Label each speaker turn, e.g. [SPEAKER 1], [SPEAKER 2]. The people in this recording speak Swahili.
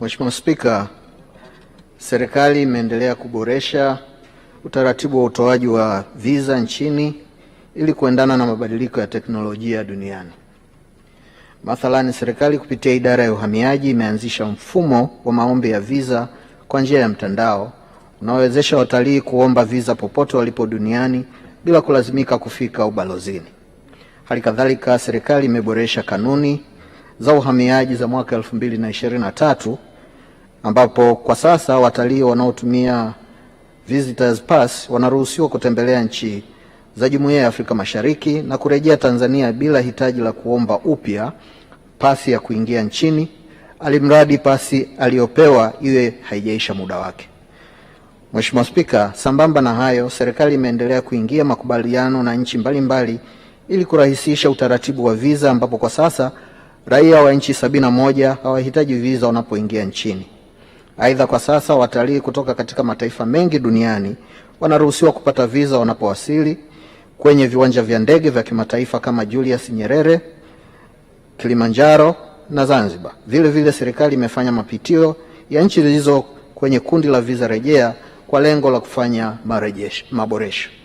[SPEAKER 1] Mheshimiwa Spika, serikali imeendelea kuboresha utaratibu wa utoaji wa visa nchini ili kuendana na mabadiliko ya teknolojia duniani. Mathalani, serikali kupitia idara ya uhamiaji imeanzisha mfumo wa maombi ya visa kwa njia ya mtandao unaowezesha watalii kuomba visa popote walipo duniani bila kulazimika kufika ubalozini. Hali kadhalika, serikali imeboresha kanuni za uhamiaji za mwaka 2023 ambapo kwa sasa watalii wanaotumia visitors pass wanaruhusiwa kutembelea nchi za Jumuiya ya Afrika Mashariki na kurejea Tanzania bila hitaji la kuomba upya pasi ya kuingia nchini, alimradi pasi aliyopewa iwe haijaisha muda wake. Mheshimiwa Spika, sambamba na hayo, serikali imeendelea kuingia makubaliano na nchi mbalimbali ili kurahisisha utaratibu wa visa ambapo kwa sasa Raia wa nchi sabini na moja hawahitaji viza wanapoingia nchini. Aidha, kwa sasa watalii kutoka katika mataifa mengi duniani wanaruhusiwa kupata viza wanapowasili kwenye viwanja vya ndege vya kimataifa kama Julius Nyerere, Kilimanjaro na Zanzibar. Vile vile serikali imefanya mapitio ya nchi zilizo kwenye kundi la viza rejea kwa lengo la kufanya maboresho.